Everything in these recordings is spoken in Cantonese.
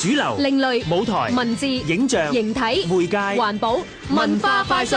主流、另類、舞台、文字、影像、形體、媒介、環保、文化快訊。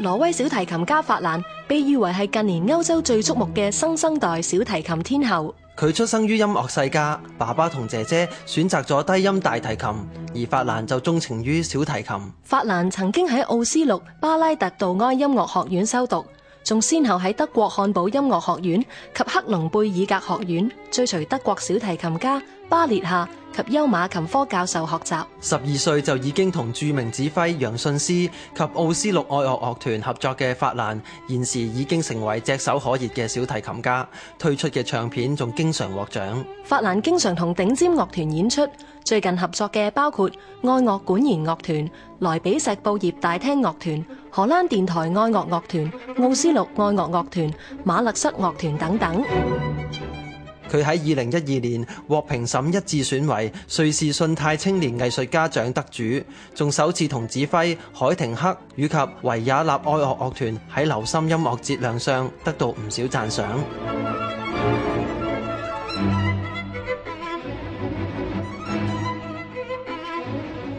挪威小提琴家法蘭被譽為係近年歐洲最矚目嘅新生代小提琴天后。佢出生於音樂世家，爸爸同姐姐選擇咗低音大提琴，而法蘭就鍾情於小提琴。法蘭曾經喺奧斯陸巴拉特杜埃音樂學院修讀。仲先後喺德國漢堡音樂學院及克隆貝爾格學院追隨德國小提琴家巴列夏及休馬琴科教授學習。十二歲就已經同著名指揮楊遜斯及奧斯陸愛樂樂團合作嘅法蘭，現時已經成為炙手可熱嘅小提琴家，推出嘅唱片仲經常獲獎。法蘭經常同頂尖樂團演出，最近合作嘅包括愛樂管弦樂團、萊比錫布業大廳樂團。荷蘭電台愛樂樂團、奧斯陸愛樂樂團、馬勒室樂團等等。佢喺二零一二年獲評審一致選為瑞士信貸青年藝術家獎得主，仲首次同指揮海廷克以及維也納愛樂樂團喺流心音樂節亮相，得到唔少讚賞。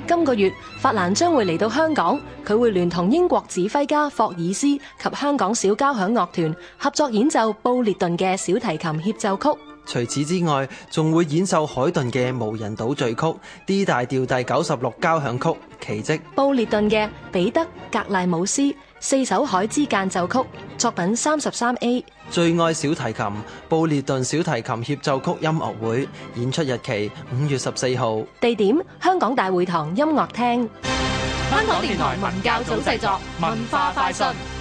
今個月，法蘭將會嚟到香港，佢會聯同英國指揮家霍爾斯及香港小交響樂團合作演奏布列頓嘅小提琴協奏曲。除此之外，仲會演奏海頓嘅無人島序曲、D 大調第九十六交響曲，奇蹟。布列頓嘅彼得格拉姆斯。四首海之間奏曲，作品三十三 A，最愛小提琴，布列頓小提琴協奏曲，曲音樂會演出日期五月十四號，地點香港大會堂音樂廳。香港電台文教組製作，文化快訊。